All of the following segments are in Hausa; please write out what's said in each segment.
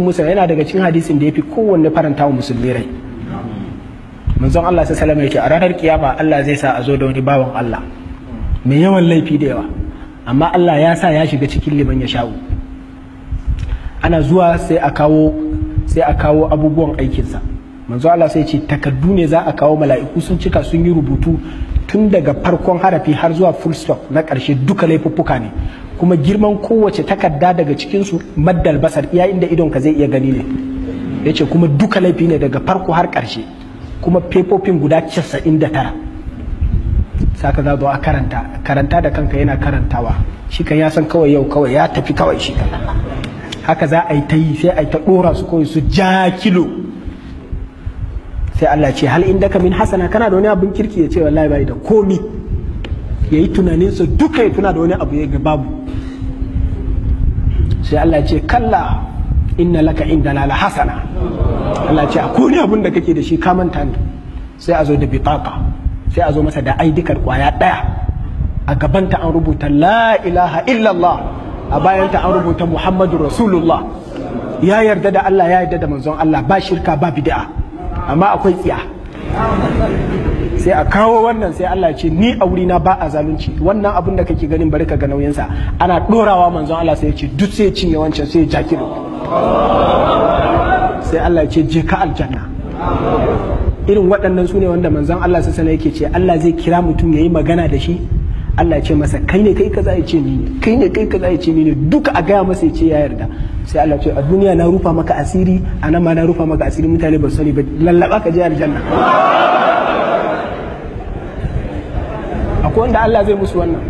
musa yana daga cikin hadisin da ya fi kowanne faranta wa musulmi rai manzon Allah sai salama yake a ranar kiyama Allah zai sa a zo da wani bawan Allah mai yawan laifi da yawa amma Allah ya sa ya shiga cikin liman ya sha'u ana zuwa sai a kawo abubuwan aikinsa manzo Allah sai ce takaddu ne za a kawo mala'iku sun cika sun yi rubutu tun daga farkon harafi har zuwa full stop na karshe duka laifuffuka ne kuma girman kowace takarda daga cikinsu maddal basar iya inda idonka zai iya gani ne yace kuma duka laifi ne daga farko har karshe kuma fefofin guda casa'in da tara saka za a karanta karanta da kanka yana karantawa shi kan ya san kawai yau kawai ya tafi kawai shi haka za a yi ta yi sai a yi ta ɗora su kawai su ja kilo sai Allah ce hal indaka min hasana kana da wani abin kirki ya ce wallahi bai da komi yayi tunanin sa duka ya tuna da wani abu ya ga babu sai Allah ce kalla inna laka indana la hasana Allah ce akwai abin da kake da shi ka manta ne sai a zo da bitaka sai a zo masa da aidikar kwaya daya a gabanta an rubuta la ilaha illallah a bayanta an rubuta muhammadu rasulullah ya yarda da Allah ya yarda da manzon Allah ba shirka ba bid'a amma akwai tsiya sai a kawo wannan sai Allah ce ni a wuri na ba a zalunci wannan abin da kake ganin bari ka ga nauyinsa ana dorawa manzon Allah sai ya ce duk sai cinye wancan sai ya jaki sai Allah ce je ka aljanna irin waɗannan su ne wanda manzon Allah sai sana yake ce Allah zai kira mutum yayi magana da shi Allah ya ce masa kai ne kai kaza ya ce ni kai ne kai kaza ya ce ni ne duka a gaya masa ya ce ya yarda sai Allah ya ce a duniya na rufa maka asiri a nan ma na rufa maka asiri mutane ba sani ba lallaba ka je aljanna akwai wanda Allah zai musu wannan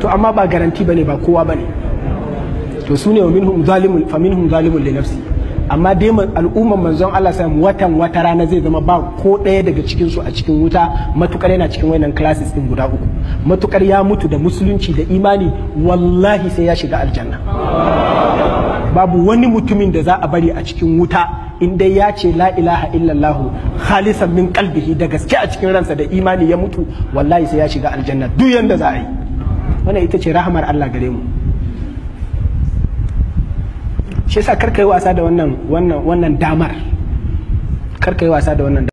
to amma ba garanti bane ba kowa bane to sune wa minhum zalimul fa minhum zalimun li nafsi amma dai al'umman manzon Allah sai watan wata rana zai zama ba ko ɗaya daga cikin su a cikin wuta matukar yana cikin wayannan classes din guda uku matukar ya mutu da musulunci da imani wallahi sai ya shiga aljanna babu wani mutumin da za a bari a cikin wuta in dai ya ce la ilaha illallah khalisan min qalbihi da gaske a cikin ransa da imani ya mutu wallahi sai ya shiga aljanna duk yanda za a yi wannan ita ce rahamar Allah gare mu shi yasa karka yi wasa da wannan wannan wannan damar karka yi wasa da wannan